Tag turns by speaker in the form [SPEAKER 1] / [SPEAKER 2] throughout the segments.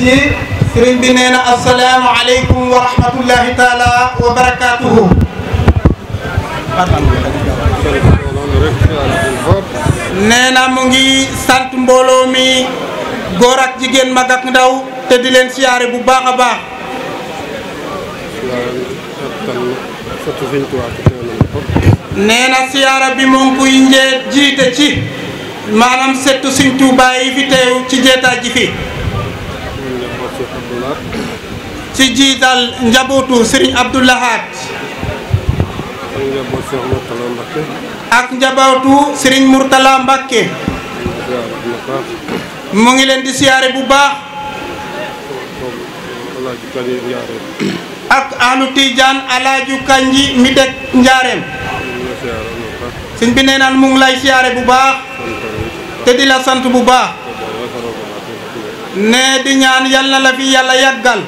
[SPEAKER 1] yi sëriñ bi nee na asalaamu taala wa barakaatuhu. nee na ngi sant mbooloo mi góor jigéen mag ak ndaw te di leen siyaare bu baax a baax. nee na bi moom kuy njee jiite ci maanaam settu Sëriñ Tuubaa yi fi teew ci jeetaay ji fi. ci jiital njabootu Serigne Abdou Lahad ak njabootu Serigne Mourtala Mbacké mu ngi leen di siyaare bu baax ak ahlu Tidiane alaaju kanji mi dëkk njaareem sëñ bi mu ngi lay siyaare bu baax
[SPEAKER 2] te di sant bu baax ne
[SPEAKER 1] di ñaan yàlla la fi yàlla yàggal.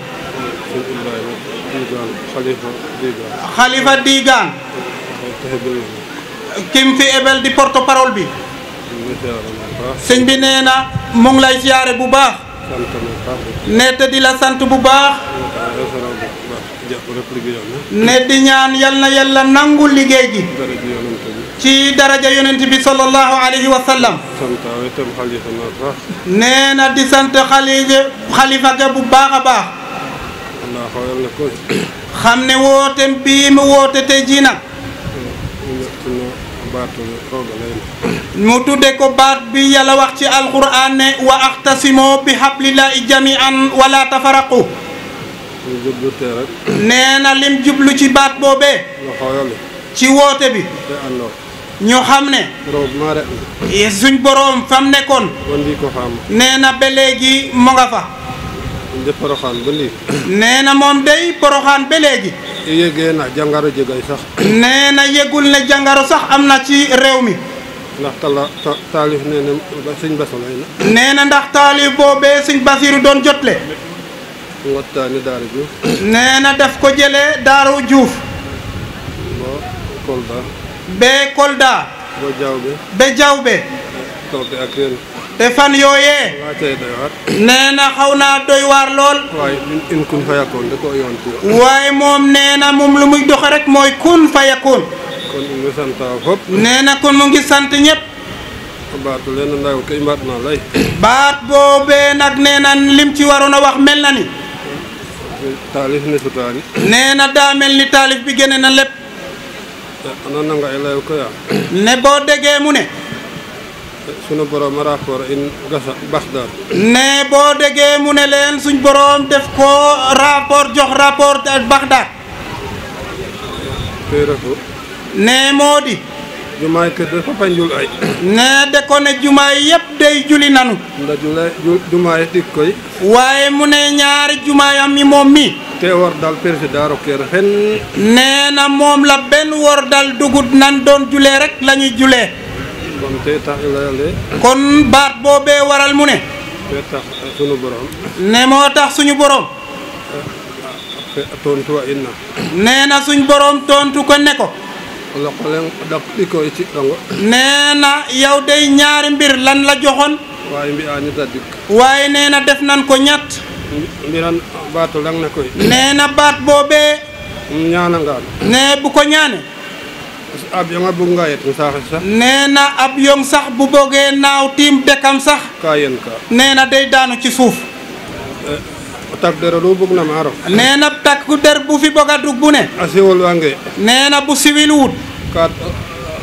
[SPEAKER 2] xalifa diigaan
[SPEAKER 1] kim fi ebel di porte parole bi. sëñ bi nee na mu ngi lay siyaare bu baax. ne te di la sant bu baax. ne di ñaan yal na yàlla nangu liggéey gi. ci daraja yonent bi sallallahu alayhi wa sallam. nee na di sant xalifa xalifa ga bu baax a baax. xam ne wootem bii mu woote te jii nag. mu tudde ko baat bi yàlla wax ci alquran ne wa axtasimo bi hablillahi jamian wala tafaraqu nee na lim jublu ci baat boobee ci woote bi ñu xam ne suñ boroom fam nekkoon nee na ba léegi mu nga fa nee na moom day poroxaan ba léegi yëgee na jàngaro jegay sax nee na yëgul ne jàngaro sax am na ci réew mi ndax tala
[SPEAKER 2] taalif nee na nee na
[SPEAKER 1] ndax taalif boobee sëñ Basiru doon jotle
[SPEAKER 2] ngottaani Daaru Juuf
[SPEAKER 1] nee na daf ko jëlee Daaru Juuf Kolda be Kolda. ba Diawbe. ba Diawbe. kooku te fan yooyee. nee na xaw naa
[SPEAKER 2] doy waar lool. waaye in kun fa yakkoon da koo yoon. waaye
[SPEAKER 1] moom nee na moom lu muy doxe rek mooy kun fa yakkoon.
[SPEAKER 2] kon mu ngi nee na kon mu ngi sant ñëpp. baat lay. baat boobee nag nee na lim ci waroon
[SPEAKER 1] a wax mel na ni. nee na daa ni taalif bi génne
[SPEAKER 2] na lépp. ne
[SPEAKER 1] boo déggee mu ne.
[SPEAKER 2] sunu borom a in gasa baxdaar.
[SPEAKER 1] ne boo déggee mu ne leen suñ borom def ko rapport jox rapport ak ne moo di. jumaay kër dafa bañ jul ay. ne de ko ne jumaay yëpp day juli nanu.
[SPEAKER 2] ndax julaay
[SPEAKER 1] waaye mu ne ñaari jumaayam i moom mi te wordal président rokeer xen nee na moom la benn wordal dugut nan doon julee rek lañuy julee kon te tax kon baat boobee waral mu ne suñu borom ne moo tax suñu borom tontu wa na suñ borom tontu ko ne ko loqalen na yow day ñaari mbir lan la joxoon waaye mbi'a ñetta na def nan ko ñett mbiran baatu lang na koy na baat boobee mm, bu ko ñaane ab yong a bug nga yet saaxe sax nee na ab yong sax bu bëggee naaw tiim dekkam sax kaa yen kaa nee na day daanu ci suuf
[SPEAKER 2] eh, takk der lu bugg na maaro
[SPEAKER 1] nee na takk der bu fi bëgg a bu ne a siwul wange nee na bu siwiluwut
[SPEAKER 2] kaa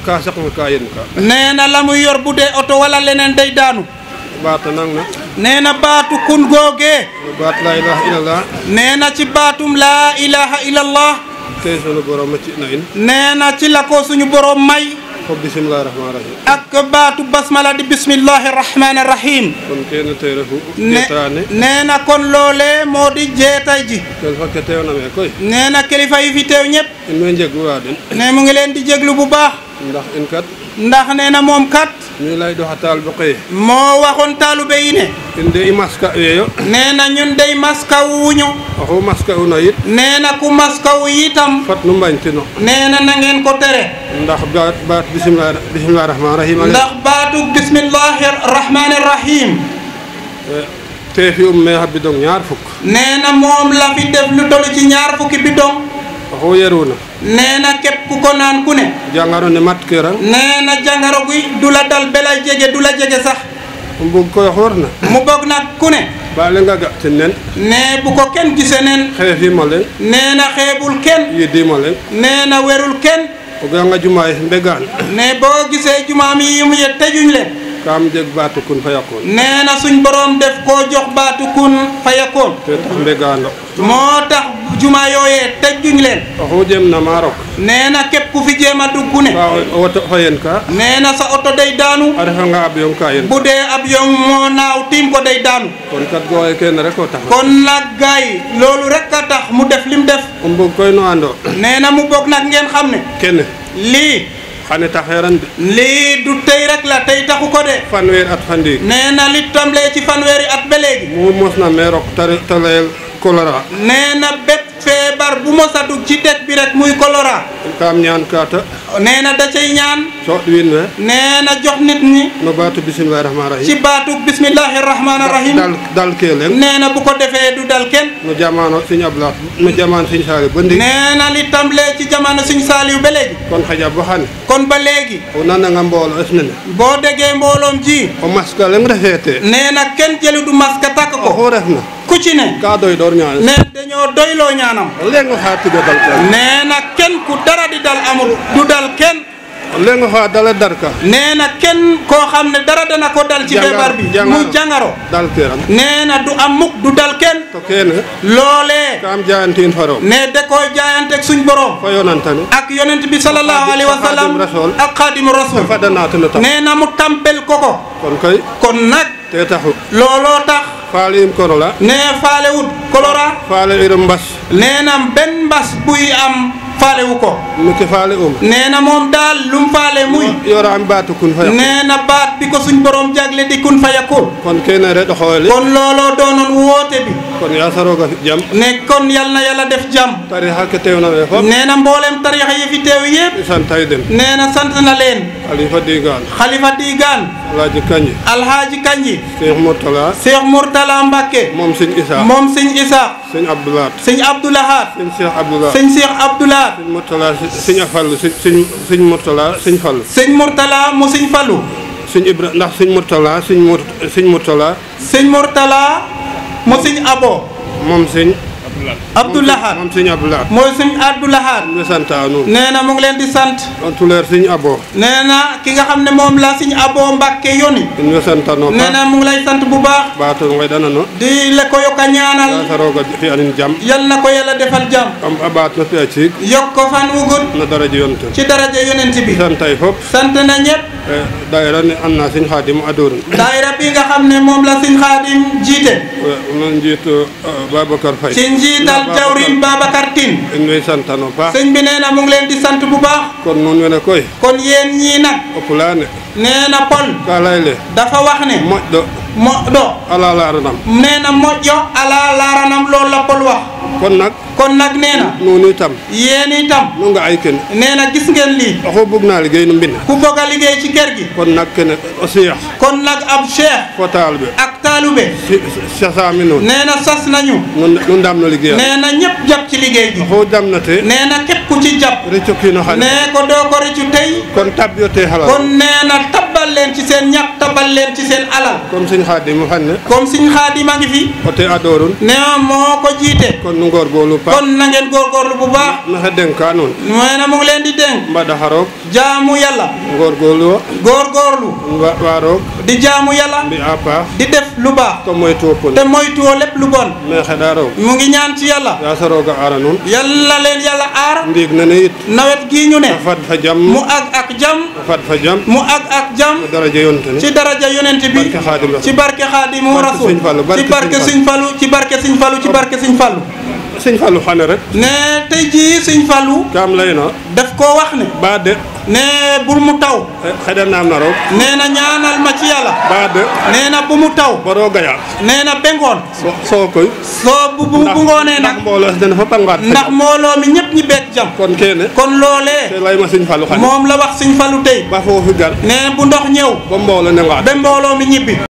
[SPEAKER 2] kaa sax na kaa yen kaa
[SPEAKER 1] nee na yor bu de oto wala leneen day daanu baata nang na nee na baatu kun googee.
[SPEAKER 2] baat laa ilaha
[SPEAKER 1] na ci baatum laa ilaha illallah. tey sunu ci lako suñu borom may. ko bisimilah rahmaani rahiim. ak baatu basmala di bisimilahi rahmaani kon kenn na kon loolee moo di jeetay ji. kilifa kilifa yi fi teew ñëpp. in mu ngi leen di jéglu bu baax. ndax in kat. ndax nee na moom kat. ñu lay doxa taalibe yi moo waxoon taalibe yi ne in de i maska weeyo nee na ñun dey maska wuñu axu maska una yit nee na ku maska wu yitam fat nu mbañtino nee na na ngeen ko tere
[SPEAKER 2] ndax baat baat bismillah bismillah rahmaan rahim ndax baatu
[SPEAKER 1] bismillahi eh, um mee bidong ñaar fukk nee na moom la fi def lu tollu ci ñaar fukki bidong ko yeru na nee na képp ku ko naan ku ne
[SPEAKER 2] jàngaro ne mat këram nee jàngaro guy du la
[SPEAKER 1] dal belay jege du la jege sax mu bëgg koy xoor na mu bëgg nag ku ne baale nga gàttin nen nee bu ko kenn gise nen xeefi ma leen nee xeebul kenn yiddi ma leen nee na werul kenn o ganga jumaay mbegaan nee boo gisee jumaam yi mu ye tejuñ leen
[SPEAKER 2] kaam jeg baatu kun fa yakkoon
[SPEAKER 1] nee suñ borom def ko jox baatu kun fa yakkoon te tax mbegaando moo tax juma yooyee tëjjuñ leen oxu jéem na maa rok nee na ku fi jéem a dugg ne
[SPEAKER 2] waa
[SPEAKER 1] na sa oto day daanu a refa nga avion ka yen bu dee avion moo naaw tiim ko day daanu
[SPEAKER 2] kon kat gooye kene rek o tax
[SPEAKER 1] kon nag gaay loolu rek a tax mu def lim def
[SPEAKER 2] um bëgg koy no ando
[SPEAKER 1] nee na mu bëgg nag ngeen xam ne kene lii xane taxee lii du tey rek la tey taxu ko de. fanweeri at fan léegi. nee na ci fanweeri at ba léegi. mu mos na meerook tare
[SPEAKER 2] taleel choléra.
[SPEAKER 1] nee feebar bu mos a ci dëkk bi rek muy kolora.
[SPEAKER 2] kaam ñaan kaata. nee na da ñaan. soxna win we. nee na jox nit ñi. ma baatu bisimilah rahmaani rahiim. ci baatu bisimilah rahmaani rahiim. dal dal kee leen. bu ko
[SPEAKER 1] defee du dal kenn. mu jamaano suñu ablaat mu jamaan suñu saaliw ba léegi. nee na ci jamono suñu saaliw ba léegi. kon xajab ba xam kon ba léegi. o nana nga mbooloo as na ne. boo déggee mbooloom ji. o masque la nga rafetee. nee na kenn jëli du masque takk ko. waxoo ref ku ci ne.
[SPEAKER 2] kaa doy door ñaanal. ne
[SPEAKER 1] dañoo doyloo ñaanam. léegi dal kenn. ku dara di dal amul du dal kenn. léegi dala dar ka. nee na kenn koo xam ne dara dana ko dal. ci feebar bi mu jangaro dal këram. nee na du am mukk du dal kenn. to kenn. loolee. kaam jaayantiin faroom. ne da koo jaayanteeg suñ borom. fa yonantani. ak yonent bi sallallahu alayhi wa sallam. ak xaadimu rasul. dafa danaata la tam. nee na mu tàmbel ko ko. kon kay. kon nag. te taxul. looloo tax.
[SPEAKER 2] faale yim korola
[SPEAKER 1] nee faale wut kolora faale iram mbas nee na benn mbas buy am faale wu ko.
[SPEAKER 2] lu ki faale um. nee na moom
[SPEAKER 1] daal lum faale muy.
[SPEAKER 2] yoo am baatu kun fa yakul
[SPEAKER 1] nee baat bi ko suñ borom jagle di kun fa yakul. kon kenn rek kon looloo doonoon woote bi. kon yaa sarooga ne kon yal na def jàmm. tarixa ke teew na wee fop. nee na mboolem tarixa yi fi teew yëpp. sant ay dem. nee na leen. xalifa diigaan. xalifa diigaan. alhaaji kanji. alhaaji kanji. Cheikh Mourtala. Cheikh moom sëñ Issa. sëñ Abdoulahat. sëñ Abdoulahat.
[SPEAKER 2] sëñ Cheikh Abdoulahat. sëñ Cheikh
[SPEAKER 1] Abdoulahat. sëñ Mourtala sëñ Fallu sëñ sëñ Mourtala sëñ Fallu. sëñ Mourtala mu sëñ Fallu. sëñ Ibra ndax sëñ Mourtala sëñ Mourtala. sëñ Mourtala mu sëñ Abo. moom sëñ. Abdoulahat moom sëñ Abdoulahat mooy sëñ Abdoulahat ñu santaanu nee na mu leen di sant tuleer sëñ Abo nee na ki nga xam ne moom la sëñ Abo Mbàkke yoni ñu santaano nee na mu ngi lay sant bu baax baato ngoy danano di la ko yokk a ñaanal sa na ko yàlla defal jàmm am abaat na fi a ciig yokk ko fan wu gudd
[SPEAKER 2] na daraja yonent ci daraja yonent bi santay fop sant na ñëpp eh, daayira ne am naa sëñ Xaadim adoor
[SPEAKER 1] daayira bi nga xam ne moom la sëñ Xaadim jiite
[SPEAKER 2] eh, man jiitu eh, Babacar Faye njiital jawrin Babacar Tine en way santano paax sëñ bi nee na mu ngi leen
[SPEAKER 1] di sant bu baax kon noon wene koy kon yéen ñii nag opulaane nee na pol ka lay le dafa wax ne moƴɗo moƴɗo ala laaranam nee na moƴƴo ala laaranam loolu la pol kon na noonu itam yéen itam nu nga ay kene nee na gis ngeen lii oxu bëgg naa liggéey nu mbind ku bëgg a liggéey ci kër gi kon nag kene o cheikh kon nag ab cheikh fo taalibe ak ak taalube. si sasa mi noonu. nee na sas nañu. nun nun daam na liggéeyam. nee na ñëpp jàpp ci liggéey bi. xoo jam na te. nee na képp ci jàpp. rëccu kii na xale. nee ko doo ko rëccu tey. kon tab yoo tey xalaat. kon nee na tab. lebal leen ci seen ñaq tabal leen ci seen alal. comme suñu xaadi mu xam ne. ma ngi fi.
[SPEAKER 2] ote adoorun.
[SPEAKER 1] nee moo ko jiite. kon nu góorgóorlu pa kon na ngeen góorgóorlu bu baax. naxa dénkaa noonu. nee na mu ngi leen di dénk. mbaa daxaroog. jaamu yàlla. góorgóorlu. góorgóorlu. wa waaroog. di jaamu yàlla. mbi a paax. di def lu baax. te moytuwoo pon. te moytuwoo lépp lu bon.
[SPEAKER 2] mais xedaaroog. mu ngi ñaan ci yàlla. yaasarooga aara noonu.
[SPEAKER 1] yàlla leen yàlla aar. ndiig na ne it. nawet gii ñu ne. mu ak ak jàmm faat fa jàmm mu àgg ak jàmm ci daraja yonent bi ci daraja barke xaadimu rasul ci barke Sëñ Fallu ci barke Sëñ Fallu ci barke Sëñ Fallu sëñ Fallou xane rek. ne tey jii sëñ Fallou. kaam lay na. daf koo wax ne. ba de. ne bul mu taw. Eh, xëy na naam na roog. nee ñaar. seedeel ma ci yàlla. baade. nee mu taw. baroo gayaa. nee na bengoon.
[SPEAKER 2] soo soo koy.
[SPEAKER 1] soo bu bu bu ngoonee nag. ndax mbooloo dana fa tàngaat. ndax mbooloo mi ñëpp ñi beeg jam. kon keene. te lay ma sëñ Fallou xale. moom la wax sëñ Fallou tey. ba foofu gar. nee bu ndox ñëw. ba mbooloo ne waat. ba mbooloo mi ñibbi.